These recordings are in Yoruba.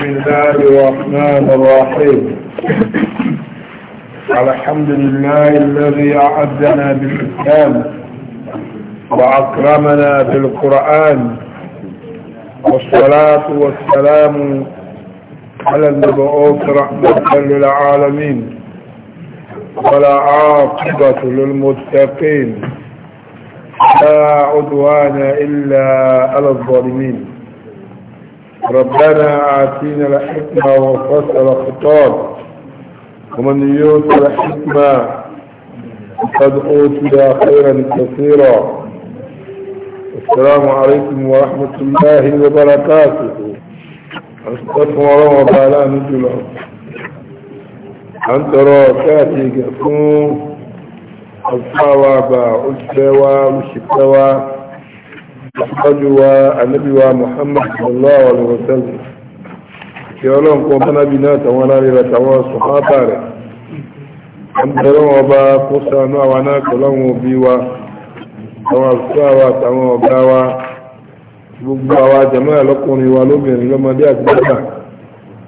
بسم الله الرحمن الرحيم الحمد لله الذي أعدنا بالإسلام وأكرمنا بالقرآن والصلاة والسلام على النبعوث رحمة للعالمين ولا عاقبة للمتقين لا عدوان إلا على الظالمين ربنا آتينا الحكمة وفصل الخطاب ومن يوت الحكمة قد أوتي خيرا كثيرا السلام عليكم ورحمة الله وبركاته أستغفر الله وتعالى نجل أنت راكاتي قفوم الصواب والسوى والشكوى أجوى النبي محمد صلى الله عليه وسلم يولون قومنا بنات ونالي لتوى صحابة أمدرون وبا قصانا وناك لهم بيوا وصاوة وباوة gbogbo àwa jama ẹlọkùnrin wa lóbìnrin lọmọdé àgbàgbà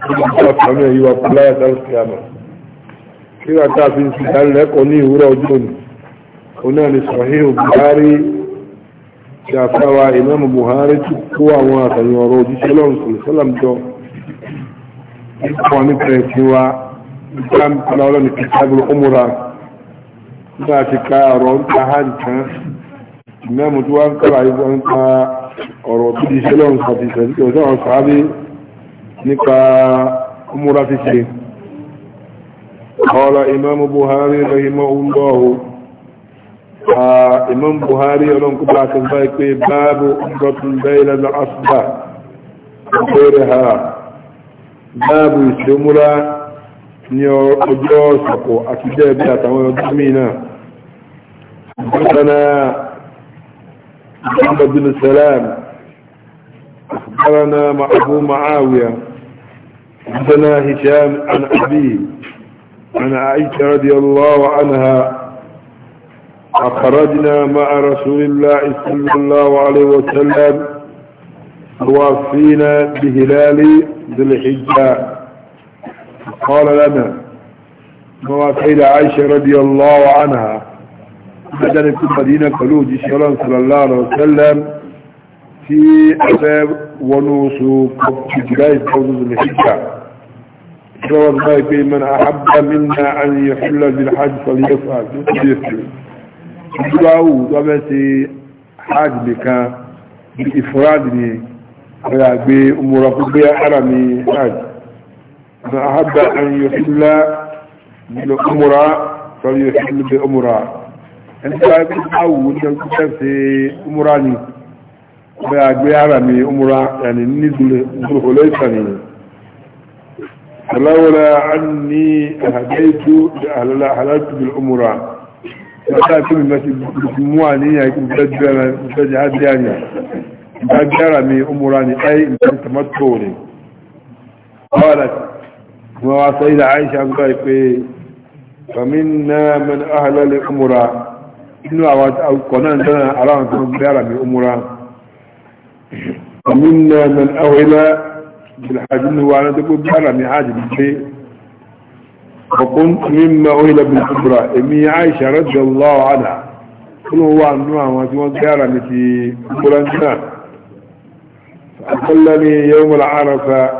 tó bá tó àfàmì ẹ̀yí wa kúlá ẹ̀dá ìsìlámà kí wàá tá a fi ń sìnkà lẹ́kọ̀ọ́ ní ìwúrọ̀ ọjọ́ òní òun náà ni sọ̀hí òbí tí a wa ìmáàmù Buhari tí kó àwọn àtàyìn ọ̀rọ̀ òjíṣẹ́ lọ́rùn sọ̀rọ̀ sọ́làm jọ nípa nípa ẹ̀sìn wa nípa nípa ọlọ́ni kìtàbí ọmọra nípa àti ká ọ̀rọ̀ ń ta hàn tán ìmáàmù tí wọ́n ń kọ́ra ìwọ́n ń ta ọ̀rọ̀ tó di iṣẹ́ lọ́rùn sọ̀rọ̀ ìṣẹ̀lẹ̀ ọjọ́ àwọn sàábé nípa ọmọra ti ṣe. قال إمام بهاري رحمه imam buhari ọlọ́run kó bá kan báyìí pé báàbù ọdún bẹ́ẹ̀lẹ̀ lọ́sùbà bẹ́ẹ̀rẹ̀ ha báàbù ìṣẹ́múra ní ọjọ́ ṣọ̀kọ̀ àti jẹ́ẹ̀bí àtàwọn ọdún mìíràn حدثنا محمد بن سلام أخبرنا مع أبو معاوية حدثنا هشام عن أبيه عن عائشة رضي الله عنها أخرجنا مع رسول الله صلى الله عليه وسلم توافينا بهلال ذي الحجة قال لنا موافيل عائشة رضي الله عنها بدن في مدينة قلوج صلى الله عليه وسلم في ونوسو ونوس جلايس قوض ذي الحجة شلون ما يقول من أحب منا أن يحل بالحج فليفعل ìgbàwò tó bẹ́ ṣe hajj nìkan ìfúrádì ni ọ̀rẹ́ àgbé umura gbogbo ara mi hajj na ahabba an yóò fi lá nílò umura tọ́lú yóò fi lóbi umura ẹni tó bá gbàwò ní ọjọ́ tó ṣe umura ni ọ̀rẹ́ àgbé ara mi umura yàní ní ìdúró ìsànì فلولا أني أهديت لأهللت بالأمراء ìgbà tó mi ti mú àníyàn ìgbẹ́jẹ́ àdíyàní ìgbàgbára mi umura ni ai nǹkan tamato ne kọ́lá kuma wa sai da aisha guda pe famin na man ahalali umura inu a wata kwanan tana alawan kuma gbára mi umura famin na man ahila bilhajin wa na duk gbára mi hajji وكنت مما أهل بالكبرى إمي عائشة رضي الله عنها كل هو عن عنها وانتوان كارا في بلانتنا فأقلني يوم العرفة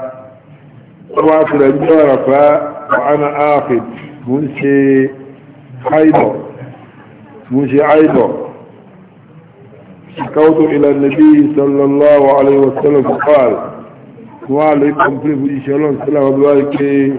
طلعت العرفة وأنا آخذ منشي حيضة منشي عيضة شكوت إلى النبي صلى الله عليه وسلم فقال وعليكم في فجي شلون سلام الله عليكم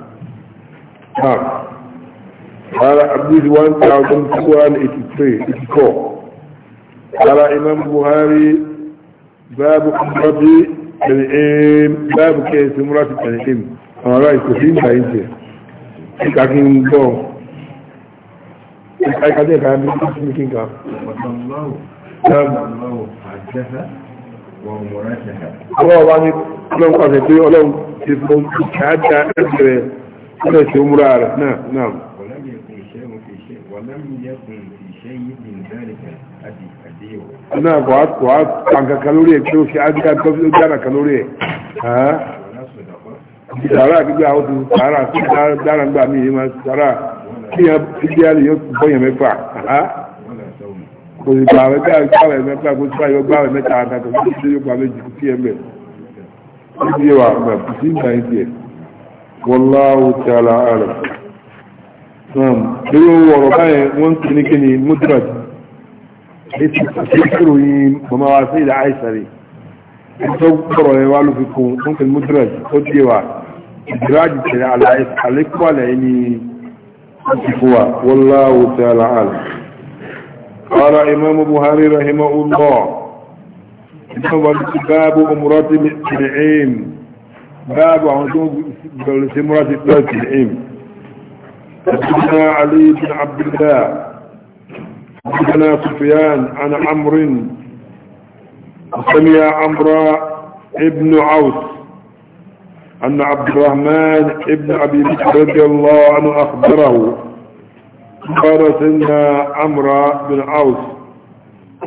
Park. Kala Abdul 1283 قال إمام بخاري باب عمرة التنعيم باب كيس عمرة التنعيم أنا رأي كثير بعيد لكن بوم أي كذا كان بيسمع كين كا الله الله حجها وعمرتها الله واني لو قصدي لو تفهم كذا أدري هذا شيء مرار نعم نعم ولم يكن في شيء ولم يكن في شيء من ذلك أدي أديه أنا قعدت قعدت عن كالوري كيلو شيء عادي كان كيلو جانا كالوري ها sàrà gbígbé àwọn tó sàrà tó dára gbà mí ìmọ̀ sàrà kí ẹ fi bí alẹ́ yóò bọ́yàn mẹ́fà kò sì gbà wẹ́gbà gbàwẹ̀ mẹ́fà kò sì gbà yọ gbàwẹ̀ mẹ́ta àtàkùn kí ó yóò gbà méjì kí ẹ mẹ́ والله تعالى عالم نعم ليه هو ربعي وانت نكني مدرج يتكروين وما واسيد عيسري يتوقروا يوالوا فيكم ممكن مدرج قدوا إدراج على عيس عليك ولا يعني والله تعالى عالم قال إمام البخاري رحمه الله باب أمرات العين باب عن سمرة الثلاث العلم حدثنا علي بن عبد الله حدثنا سفيان عن عمرو سمع عمرو ابن عوس أن عبد الرحمن ابن أبي بكر رضي الله عنه أخبره قال سيدنا عمرو بن عوس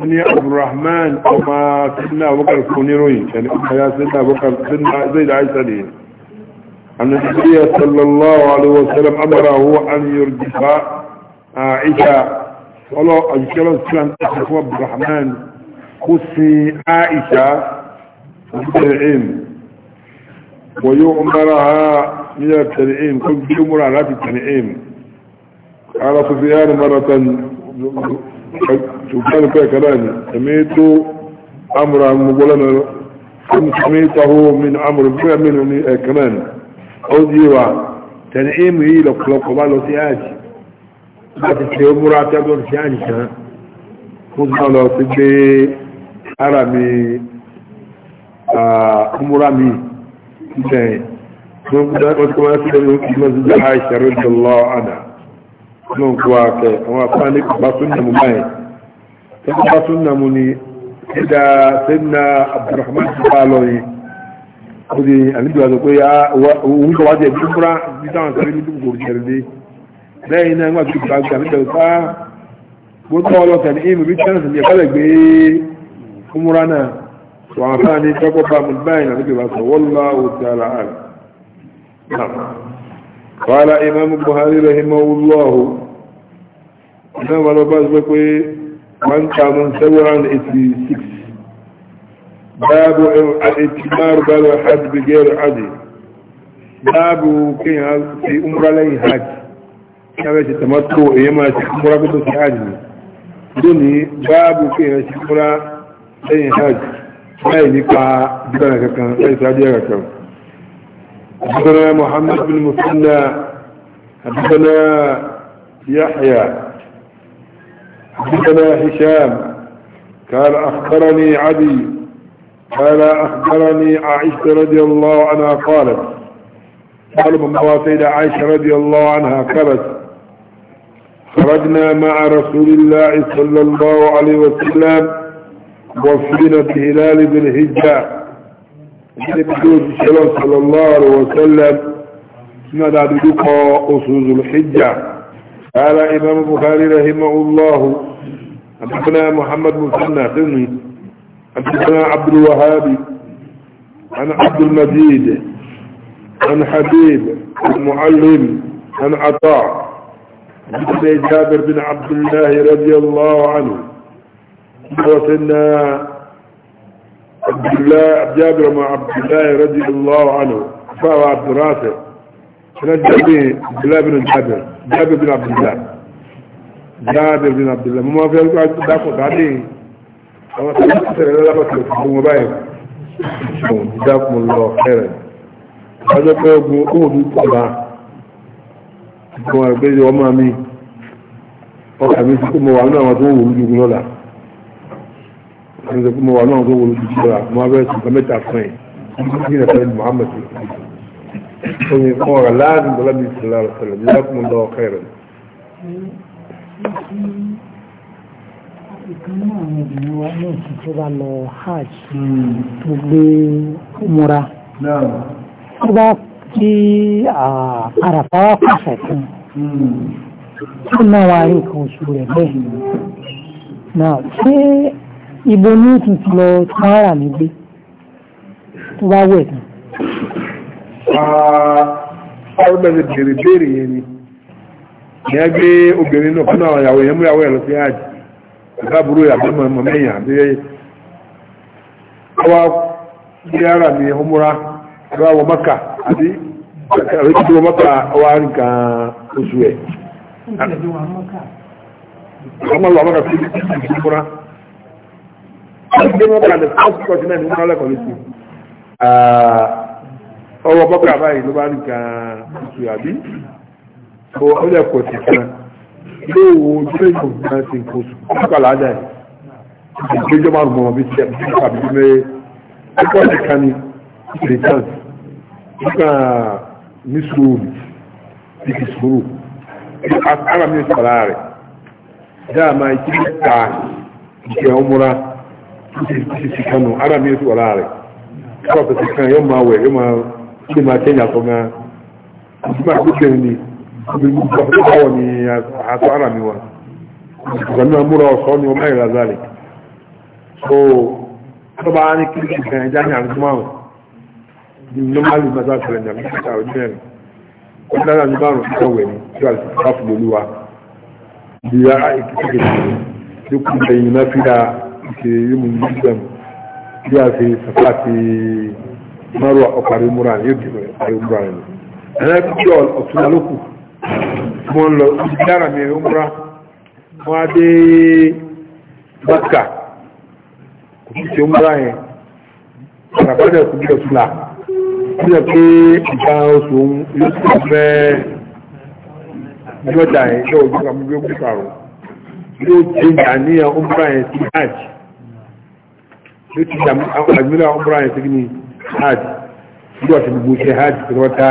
ni abdurrahman kuma sinna bakar kuniroyi yani kuma ya sinna bakar sinna zai da aisha ne annabi sallallahu alaihi wasallam amara huwa an yurdifa aisha wala ajkala sunan kuma abdurrahman kusi aisha tabi'in wa yu'maraha min at-tan'im kun bi umra la at-tan'im qala sufyan maratan سبحانك يا كلامي سميت أمر مبولنا سميته من أمر بيعمل كمان أو ديوا تنعيم هي لك لو قبال سياجي ما تتحيو مراتا دور سياجي شا خذنا لو سبي أرامي أمرامي سياجي وقد قلت كما يقول المسجد عائشة رضي الله عنها ló ń kó wa kẹ àwọn afáà ní kò bá súnà mu báyìí tẹ́lẹ̀ bá súnà mu ni ẹ̀dá sẹ́dínà abdulrahman ti bá a lọ yẹn ó di àlejò àti pé ah, òun kò wá jẹ bí fúra bí táwọn sáré ní dùkú kò jẹrẹ dé lẹ́yìn náà wọ́n ti gbà gbà nígbà ah, tó bá gbogbo ọlọ́tẹ̀ ní ìmú bí tẹ́lẹ̀ ní ẹ̀kọ́ lẹ̀ gbé fúnmúra náà wọ́n afáà ní tọ́kọ́ bá mu báyìí àlejò bá sọ wọ́n lọ́wọ́ ti ara rẹ̀. قال إمام البخاري رحمه الله إمام الرباز بكوي من كان سوى عن 86 باب الاتمار بالحج بغير عدي باب كي في عمره لي حج كما تتمتع يما عمره بده في حج دوني باب كي عمره لي حج لا ينفع بدنا كان ليس عدي كان حدثنا محمد بن مسنى حدثنا يحيى حدثنا هشام قال أخبرني عدي قال أخبرني عائشة رضي الله عنها قالت قال مواسيد عائشة رضي الله عنها قالت خرجنا مع رسول الله صلى الله عليه وسلم وفينا بهلال بالهجة صلى الله عليه وسلم سنة بدقاء أصوز الحجة قال إمام البخاري رحمه الله أبنى محمد مسنى سني أبنى عبد الوهابي عن عبد المجيد عن حبيب المعلم عن عطاء بن جابر بن عبد الله رضي الله عنه وسنى عبد الله جابر مع عبد الله رضي الله عنه فهو عبد راسه نجد عبد الله بن جابر جابر بن عبد الله جابر بن عبد الله ما في الوقت داخل عليه أما تنسر إلى لبس لكم جزاكم الله خيرا هذا قوة قوة طبعا كما ربيد وما مين وحبيثكم وعلنا ما تقولوا يقولوا لك ẹni tó mọ wà náà tó wọlé ju jìbìrà mo abẹ́ sùn mẹ́ta fún ẹ̀ ní ìrẹsẹ̀ Muhammad ó ní fún ọ̀rọ̀ láàrin bọ́lá bíi sọ̀rọ̀ àrọ̀sọ̀rọ̀ bí lákùn lọ ọ̀kẹ́ rẹ̀. ìkan náà àwọn obìnrin wa náà sì tó bá lọ hajj tó hmm. gbé múra tó bá kí àràpá wá pàṣẹ kan tó náà wá rí nǹkan oṣù rẹ̀ bẹ́ẹ̀ náà ṣé ibo ní ìtùtù lọ tààrà mi gbé tó bá wẹ̀ tán. ọ̀rọ̀ náà ti bèrè béèrè yẹn ni ìyẹn gbé obìnrin náà fún àwọn ìyàwó yẹn mú ìyàwó ẹ̀ lọ sí àjì ìbáburú àbí mọ̀mọ́ mẹ́yìn àbí ọwọ́ bí ara mi ọmúra ẹ̀rọ àwọn mọ́kà àbí ẹ̀rọ tí wọ́n mọ́kà ọwọ́ àárín kan oṣù ẹ̀. ọmọ lọ mọ́kà sí ìbúra gbé wọn kalẹ̀ fásitì kọ̀ọ̀tì náà ní wọn lẹ́kọ̀ọ́ létí ọwọ́ bọ́kà báyìí ló bá rí gan-an ìtù àbí ó lẹ̀ pọ̀ sí kan yóò wo ojú lè yóò gbọ́n sí nǹkan oṣù kọ́kà láàjà yìí ìgbẹ́jọ́ máa rùn mọ́ bí tiẹ̀ bí tàbí bí mẹ́rẹ́ ẹ̀kọ́ ti kan ní returns nígbà ní sùúrù ìfi sùúrù ara mi sọ̀rọ̀ rẹ̀ dáa máa ìkíni ta ìkẹ́ ọmúra ti ti kanu ara mi sọ ọ̀la rẹ̀ kọ́ ọ̀tọ̀ ti kan yóò máa wẹ̀ yóò máa ṣe máa tẹ́yìn àtọ́ gan ojú máa tó tẹ̀yìn ni obìnrin tó báwọ̀ ni àtọ́ ara mi wa ìgbàmí wa múra ọ̀sọ́ ni ọmọ ìlà zálẹ̀ so tó bá ní kí ní kan ẹja ní àrùn márùn ní nọ́málì máa sá ṣẹlẹ̀ ní àmì ìta ojú ẹ̀rìn ó dára ní márùn tó wẹ̀ ní tí a ti bá fún olúwa bí ara ìkíkíkì ló kú lẹ́yìn náà fi dáa nke yi mun dukkan biya fi safa fi marwa a kwarin mura ne yau jibai kwarin mura ne ana fi cewa ọtún alóku wọn lọ dára mi ń múra wọn dé bàtà kò fi ṣe múra yẹn àràbàdà kò bí ọtún là bí ẹ pé ìgbà oṣù yóò ti fẹ́ yọjà yẹn yóò jẹ́ àmúgbé kúkàrọ̀ yóò jẹ́ ìyá ní ọmọ yẹn ti hajj ló ti dàmú àgbélà ọmọbìnrin àyẹ̀sí ní hajj bí wọ́n ti gbogbo ṣe hajj tó wọ́n ta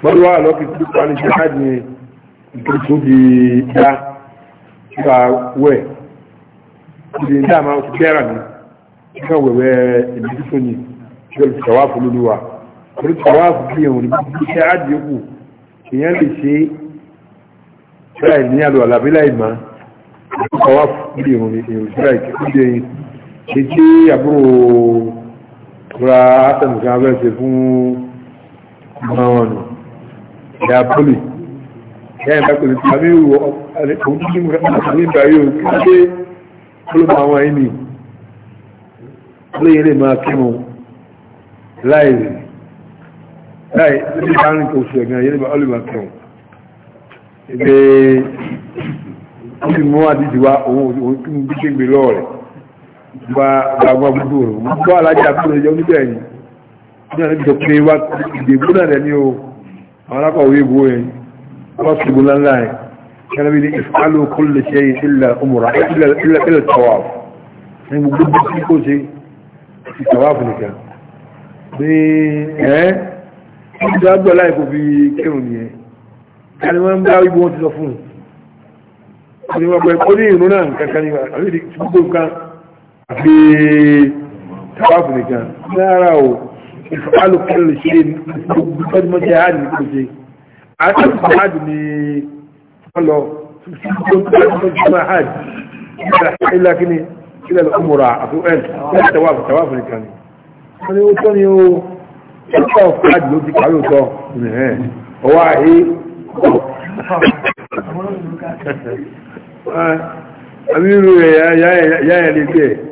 gbọ́dọ̀ wà lọ́kì tó kọ́ ní ṣe hajj ní ìtò tó di dá nípa wẹ̀ ìdí ní àmà oṣù kẹ́rà ní nípa wẹ̀wẹ̀ ìbí tó ní ìjọba ìṣàwáfù lóluwà orí ìṣàwáfù bí ẹ̀wọ̀n ní gbogbo ṣe hajj yòókù èèyàn lè ṣe láì ní àlọ́ àlàbí láì máa ìṣàwáfù bí ẹ̀wọ̀n ní èrò títí àbúrò ra átẹnìkan abẹ́ẹ̀sẹ̀ fún ọmọọ̀nà ìyá pólì ẹ̀yìn bá pẹ̀lú tàbí ìwọ̀ ọ̀pọ̀lọpọ̀ láìrí láì ní bá rìn kò sí ẹ̀gán yẹ́ nípa olùmọ̀ kẹrùn ẹgbẹ́ ó sì mú àdíjì wá òun òun kí mú bí ṣe gbé lọ́ọ̀rẹ̀ gbàgbà gbogbo rẹ̀ gbogbo alájà kúrò jẹ́ oníbẹ̀ yìí ní ọ̀nà ìjọ pé wá ìdìbò náà rẹ̀ ní o àwọn alákọ̀wé ìbò yẹn wọ́n sì gbọ́n láńlá yẹn kẹ́lẹ́ bí ní ìfàlù kó lè ṣe ilẹ̀ ọmọrà ilẹ̀ tọ́wà ní gbogbo bí kí kò ṣe ìtọ́wà fúnikẹ́ ní ẹ́ ìjọ àgbọ̀ láì kò fi kírun nìyẹn kẹ́lẹ́ wọ́n bá ibo wọn ti sọ fún un ní ìrún náà kankan ní wọ́n àbí gbogbo nǹkan àti tàbáfù nìkan náírà o ìfàlù kẹlẹ̀ ṣe gbọ́dọ̀mọ́jẹ́ hajj ní kò ṣe àti hajj ní ọlọ gbọ́dọ̀mọ́jẹ́ hajj ilá kíní ilẹ̀ ọmọrà àti ẹ̀l ilẹ̀ tàbáfù tàbáfù nìkan ni wọ́n ni ó tọ́ ni ó ṣọ́kọ̀ hajj ló ti kàrí òtọ́ àmì irú rẹ̀ yáyẹ̀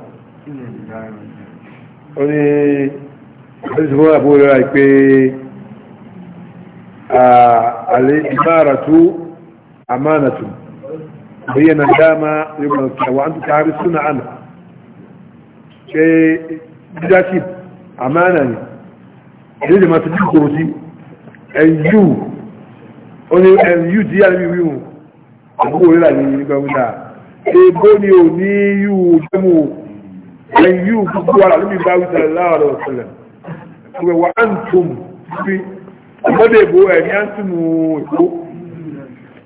ó ẹ̀sùn fún àbúrò rẹ̀ àìpé àlè ìmára tó àmánà tó bayyana dama yóò mọ̀ kí ti onye ẹ̀yù tí yára mi wíwùn àbúrò rẹ̀ ni ò ní jẹ́mù ayyub gbogbo ara níbi bá wí sallallahu alaihi wasallam pé wà á ń tún bí ọmọdé èbó ẹ̀ ní á ń tún mú èkó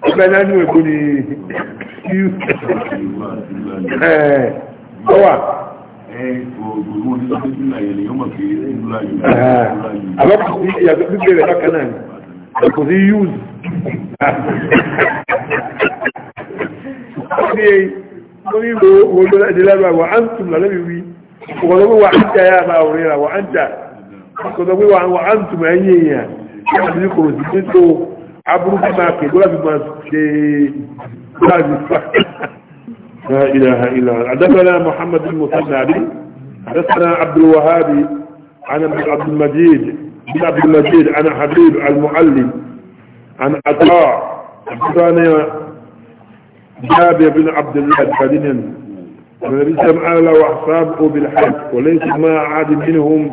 ọbẹ̀ náà nínú èkó ni yíu ẹ̀ ọwà. àbẹ̀kù sí ìyàtọ̀ gbígbé rẹ̀ bákan náà ni àbẹ̀kù sí yíu. قريب وقال ادلابا وعنتم لنبي وي وقالوا وعنت يا ابا اوريلا وعنت قالوا وعن وعنتم ايني يا ذكر ذكرت عبرو بما في قولا بما في لا اله الا الله حدثنا محمد بن مسلم عبد حدثنا عبد الوهاب عن عبد المجيد بن عبد المجيد انا حبيب المعلم عن عطاء جابر بن عبد الله فدنا النبي صلى الله واصحابه بالحج وليس ما عاد منهم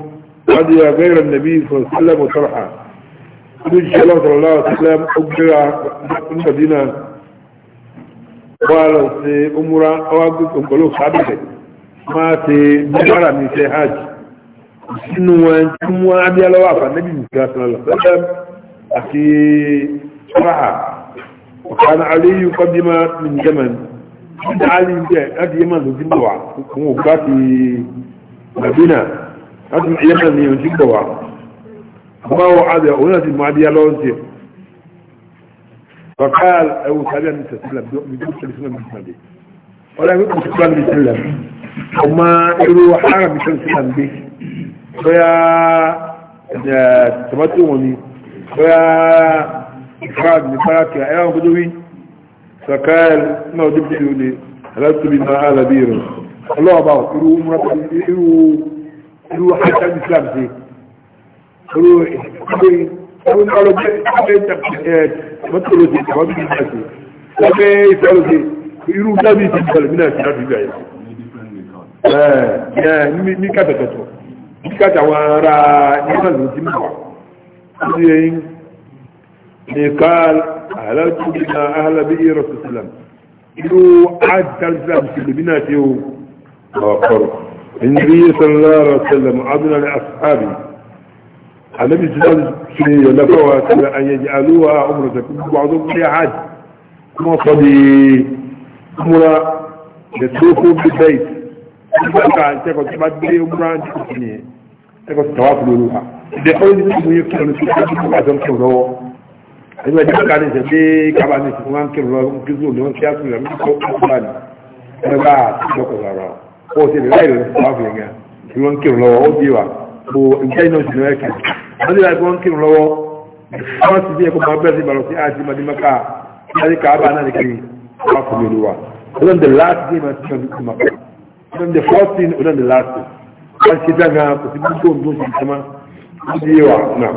هدي غير النبي صلى الله عليه وسلم وطرحه النبي صلى الله عليه وسلم أجرى المدينة قال أمرا أوقف أقول صاحبك ما تبرع من حاج sinu wọn tí wọn adé alọwọ àfànẹbí nìkan sọlọ lọsọlọ àti ṣọlá وكان علي يقدم من يمن عند علي أدي يمن ذو جنبوا هو باتي مدينة أدي يمن ذو جنبوا ما هو عادي هنا في المعدية لونتي فقال أبو سعيد أن تسلم بدون تسلم بالمدينة ولا يقول تسلم بالسلم وما يروح حرم بسلم به فيا تمتعوني فيا الإفراد لفاكهة أيام قدوي فقال ما جبت لي أردت بما آل بير الله أبعه إلو إلو إلو حتى الإسلام فيه إلو إلو قالوا بيت مثلوا في الإسلام في الناس لما يسألوا في إلو نبي في الإسلام في الناس في بعيد ẹ̀ ní kàtàkàtà ní kàtàwọn ará nígbàlù tí mọ̀ ní ẹ̀yìn قال على بنا أهل بي رسول الله إلو عاد تلزم سلمنا تيو آخر النبي صلى الله عليه وسلم عبدنا لأصحابي النبي صلى الله عليه وسلم لفوا أن يجعلوها عمرة بعضهم في عاد كما صدي عمرة يتوفوا بالبيت تبقى عن تكون تبعد بي عمرة عن تكون تكون تواصلوا لها دي حول يكتب نسوقها عشان تكون àti wọ́n ti bá kàní ìṣẹ̀dé kábà ní ìṣẹ̀dé wọn kírun lọ́wọ́ kí zoro ni wọ́n kí asùn ìlànà kó kúrò ní ẹgbẹ́ àtijọ́kọ̀ sọ̀rọ̀ ó ti lè láì lọ́wọ́ fún àfihàn yẹn kí wọ́n kírun lọ́wọ́ ó di wa kó nǹkan iná sì lọ́wọ́ kiri wọ́n ti láì wọ́n kírun lọ́wọ́ wọ́n ti bí ẹ̀kọ́ máa bẹ́ẹ̀ sí balọ̀ sí àti madimaka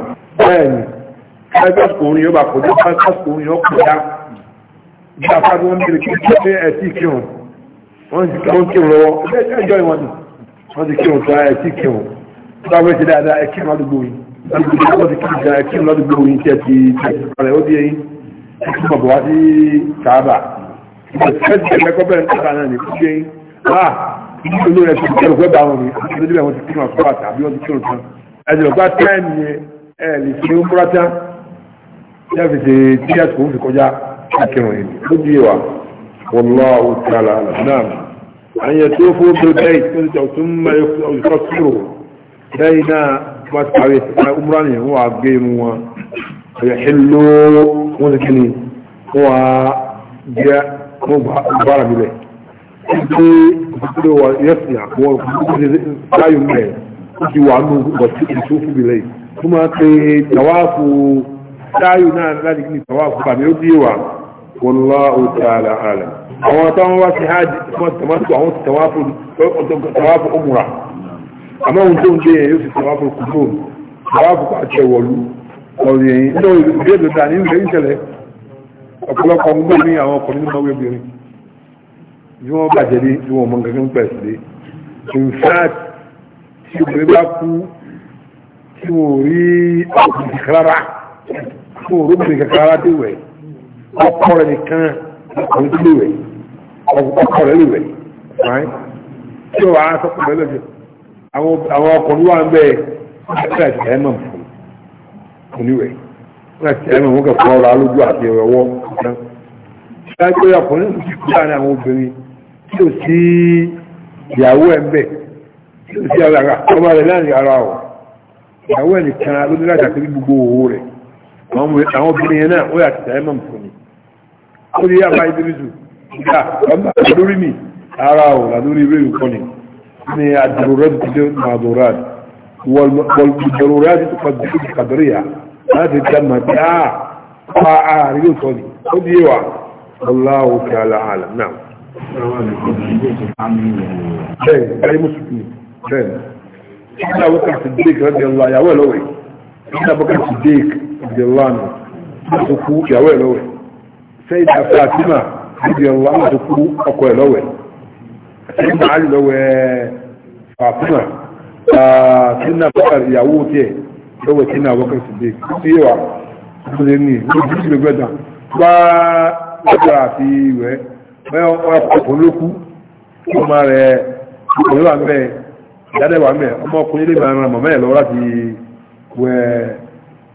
láti kábà náà náà lásìkò orin yóò bá kọjá lásìkò orin yóò kọjá bí afáàbí wọn bèrè kí n ṣe ẹtí kírun wọn ti kírun kírun lọ́wọ́ ẹjọ́ ìwọ̀n ni wọn ti kírun tó ẹtí kírun tó bá wẹ́ẹ́ ti dáadáa ẹkí ládùúgbò yìí ládùúgbò wọn ti kírun dáadáa ẹkí ládùúgbò yìí tí ẹ ti tẹ̀síkọ̀ rẹ̀ ó di eyín ẹkí bàbá wá sí sàábà ẹ̀ẹ́dì ẹ̀kọ́ bẹ̀rẹ̀ nípa náà ní kúkẹ́ yín wá ìlú rẹ̀ ti kírun pẹ́ bá wọn ni àti ìdílé wọn ti kírun àkọ́kọ́ àtàbí wọn ti kírun tán ẹ̀ẹ́dì ọ̀gbá tẹ́ẹ̀mì ẹ̀ lè fi ó múra tí a fi ṣe tí a kò fi kọjá akẹwọn yìí ó di wa wallahu ta'ala náà àyẹ̀ tó fún bẹ́ẹ̀ tó ti tọ̀ tún mẹ́ ọ̀ṣọ́ sírò lẹ́yìn náà wọ́n ti parí ẹ̀sìn umra nìyẹn wọ́n á gbé irun wọn ọ̀yẹ̀ hello wọ́n ti kíni wọ́n á jẹ́ wọ́n bára mi lẹ̀ ṣe ìdílé wa yẹ́sì àwọn ọkùnrin láyò mẹ́rin ó ti wà nù ọ̀tí ìṣòfò mi lẹ́yìn tó máa ń pe tàwáàfù táyù náà láti kí ní tọ́wà fún àmì ó bí wà wallahu ta'ala alam àwọn tó wọ́n wá sí hajj tọ́mọ́tò àwọn ti tọ́wà fún umra àmọ́ ohun tó ń gbé yẹn yóò sì tọ́wà fún kùtù tọ́wà fún àti ẹ̀wọ̀lú ọ̀rọ̀ yẹn ní ìlú ìgbésẹ̀ dà ní ìlú ìṣẹ̀lẹ̀ ọ̀pọ̀lọpọ̀ ń tí wọ́n rí ọkùnrin rárá fún òróbìnrin kankan ara dé wẹ̀ ọkọ rẹ̀ nìkan ọkùnrin tó lè wẹ̀ ọkọ rẹ̀ lè wẹ̀ fine tí ó wàá sọ pẹ̀lú ẹlẹ́jọ àwọn ọkùnrin wà ń bẹ ẹ̀ka ìṣẹ̀ ẹ̀mọ̀ fún oníwẹ̀ ẹ̀ka ìṣẹ̀ ẹ̀mọ̀ wọn kàn fún ọrọ̀ alójú àti ọwọ́ náà ṣáájú ọkùnrin ti kú láàrin àwọn obìnrin tí o sí ìyàwó ẹ̀ ń bẹ̀ tí ó sí ọmọ rẹ̀ láàrin ara ọ̀ ìyàwó ẹ̀ nìkan ló ní láti àti gbogbo òwò rẹ̀ àwọn obìnrin yẹn náà ó yà tẹ̀tẹ̀ ẹ̀mọ̀ fún mi ó ní àbá ìdírísù ìgbà ọmọ lórí mi ara ò lórí ìwé ìkọ́ ni ní àdúrà ti dé màdúrà wọ̀lùdọ̀rọ̀ ti tó kọjú sí kàdúrìyà láti dá màdí á pa ààrẹ yóò sọ ni ó di wà Allahu ta'ala alam náà. bẹ́ẹ̀ ayé mùsùlùmí bẹ́ẹ̀ ní. ìgbà wọ́n kà sí dèk rẹ̀ di ọlọ́ àyàwó ẹ̀ lọ́wọ́ yìí. ìgbà wọ́n kà sí dèk radiyallahu anhu tó kú ìyàwó ẹ̀ Fatima ọkọ ẹ̀ lọ́wẹ̀ Sayyida Ali lọ́wẹ̀ Fatima ah, a bọ́kà ìyàwó tiẹ̀ lọ́wẹ̀ tínà bọ́kà sídé sí wa tó lè ní ní ojú ìlú gbẹ̀dà bá ọjà àti ìwẹ́ bẹ́ẹ̀ ọkọ̀ ló kú ọmọ rẹ̀ ọkùnrin wà mẹ́ ìdádẹ́wà ọmọ láti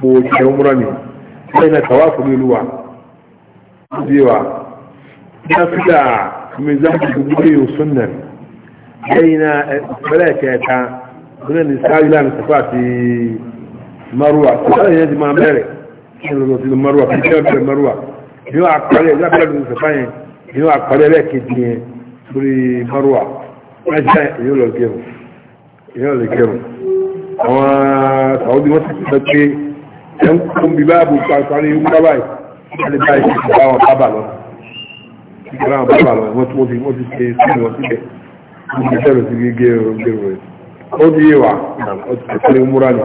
kò ṣe umra ni lẹ́yìn náà tàwa fún ìlú wa bí wa náà fílà mi zambi gbogbo yóò sunna lẹ́yìn náà ìpínlẹ̀ kẹta ìpínlẹ̀ ní sáà ìlànà sàfà àti maruwa sàfà yẹn ti máa bẹ̀rẹ̀ kí ni lọ́sọ̀tì maruwa kí ni bẹ̀rẹ̀ maruwa yóò àkọlẹ̀ ìlànà sàfà yẹn yóò àkọlẹ̀ lẹ́ẹ̀kejì yẹn lórí maruwa wọ́n ṣe yóò lọ gẹ̀rù yóò lọ gẹ̀rù àwọn sàwọ́dí wọ́n ti sọ pé ẹn kún bí báàbù pàṣẹ ní bábà ìpàdé báyìí ti bá wọn bábà lọ ti bá wọn bábà lọ wọn tí wọn ti wọn ti ṣe sí wọn síbẹ̀ wọn ti sẹ̀rọ̀ sí gígé ọ̀rọ̀ gẹ̀rọ̀ rẹ̀ ó ti yé wa ó ti tẹ̀lé múra ni.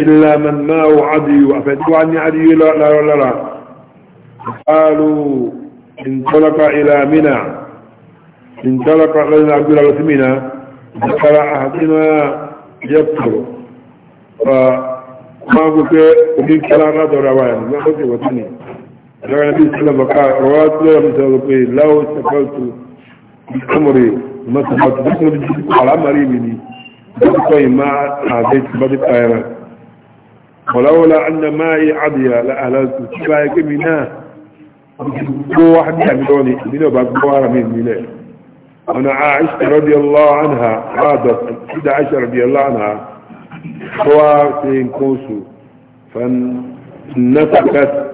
ilà mẹ́nà ó adìyú àfẹ́tí wa ní adìyú lára lára qaalu intalaqa ilà mina intalaqa lẹ́yìn agbèrè lọ sí mina ذكر أحدنا يبكر ما قلت وفي كلام هذا روان ما قلت وطني لو النبي صلى الله عليه وسلم لو استقلت بأمري ما استقلت بكم بجيبك على أمري مني بكم ما عاديت بدك آيرا ولولا أن ماء عضي لأهلت شبايك منا هو واحد يعملوني يعني منه بأكبر من ملاه أنا عائشة رضي الله عنها عادت 11 رضي الله عنها خوارتين كوسو فنفقت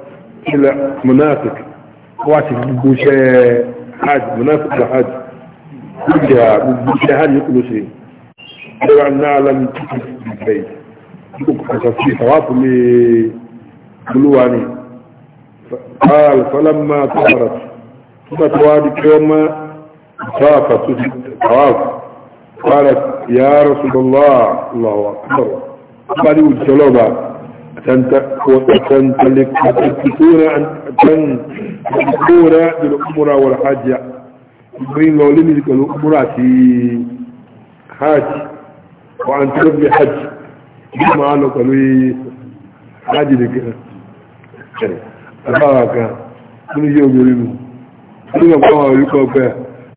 إلى منافق خواتي بوشة حاج منافق حاج بوشة حاج يقلو شيء لو أن نعلم تكف بالبيت في طواف لبلواني قال فلما طهرت ثم توادي يوم طافت طواف قالت يا رسول الله الله أكبر قالوا الجلوبة تنتلكون أن تنتلكون بالأمرة والحاجة يبين لو لم يذكر الأمرة حاج وأن تربي حج يجمع له قالوا حاج لك أباك كل يوم يريدون كل يوم يقول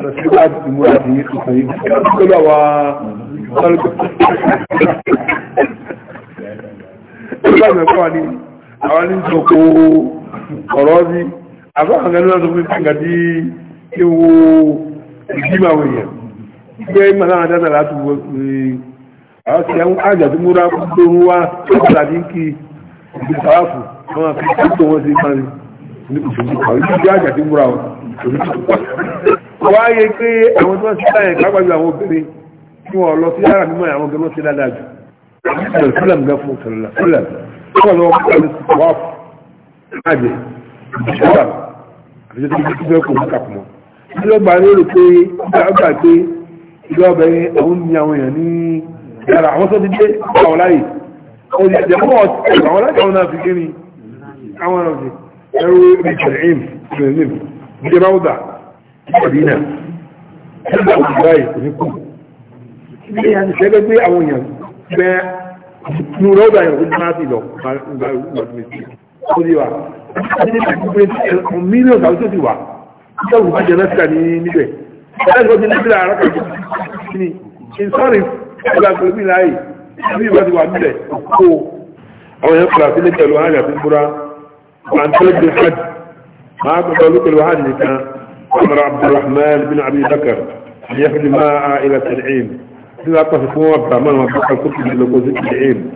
رسولات المرادية الخيب كل وخلق ìgbàgbé kọ́ ni àwọn ní ìjọkó ọ̀rọ̀ ní àbáhàn gẹ́lú láti fún ìpínkà tí ewu ìgbìmọ̀ àwọn èèyàn gbé mọ̀lá àdáta láti wọ eh, àwọn sí àwọn àjà tó múra tó ń wá tó tàbí kí ìgbìsáwáfù wọn fi tó wọn sí ìpánì ní kùsùn ìpàwọ̀ ìgbìsáwájà tó múra wọn wáyé pé àwọn tó ń sí láyé kápájú àwọn obìnrin tí wọ́n lọ sí ara mímọ́ àwọn obìnrin sí dáadáa jù sílẹ̀ mìíràn fún sọ̀rọ̀lá sílẹ̀ wọ́n lọ wọ́n lọ sí wá àjẹ́ ìjọba àjẹ́ tó ti fẹ́ kó mú kàpù mọ́ ní lọ́gbà lérò pé ọgbà pé ìlú ọbẹ̀rin àwọn ní ìdínà nígbà òṣìṣẹ́ báyìí kò ní kù ní ìyànṣẹ́ gẹ́gẹ́ pé àwọn èèyàn bẹ nu rọ́bà yẹn kó dáná sí lọ nígbà òṣìṣẹ́ tó ti wà ní ìpínlẹ̀ mílíọ̀nù tàbí tó ti wà nígbà òṣìṣẹ́ jẹ lọ́síkà ní níbẹ̀ ẹ̀ẹ́dẹ́gbọ́n ti níbi lára kan kí ni ìsọ́rí ìgbà pẹ̀lú láàyè bí ìwà ti wà nílẹ̀ عمر عبد الرحمن بن أبي بكر يخدم مع عائلة العين إذا أطفت موقع من وقع الكتب لقوزة العين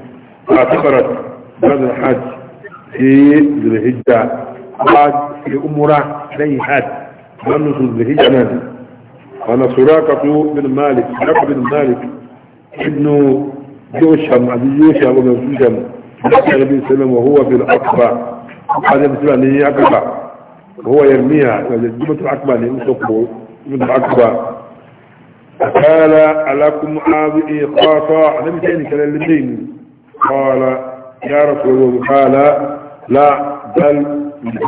فاعتبرت هذا الحج في ذي الهجة قاد لأمرة لي حج من نصر الهجة الهجة وأنا سراقة بن مالك سراقة بن مالك ابن جوشم عزيز جوشم ومن جوشم النبي صلى الله عليه وسلم وهو في الأقصى قال يا مسلم أني أقصى هو يرميها الجمعة العقبة لأن سقوا الجمعة الأكبر قال لكم هذه خاصة لم تأني كلام الدين قال يا رسول الله قال لا بل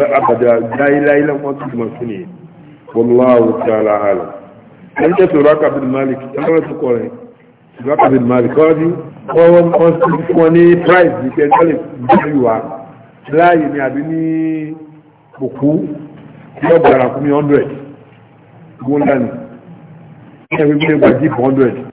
أبدا لا إله إلا ما تسمى والله تعالى أعلم لم تسرق بن مالك أنا تقول سرق بن مالك قال wọ́n wọ́n wọ́n ní price yìí kẹ́ ẹ́ tẹ́lẹ̀ bí wà láàyè ni òkú yóò bẹ̀rẹ̀ àkúmí 100 gúnlẹ̀ ní ẹgbẹ̀gbẹ̀ gbàjí 100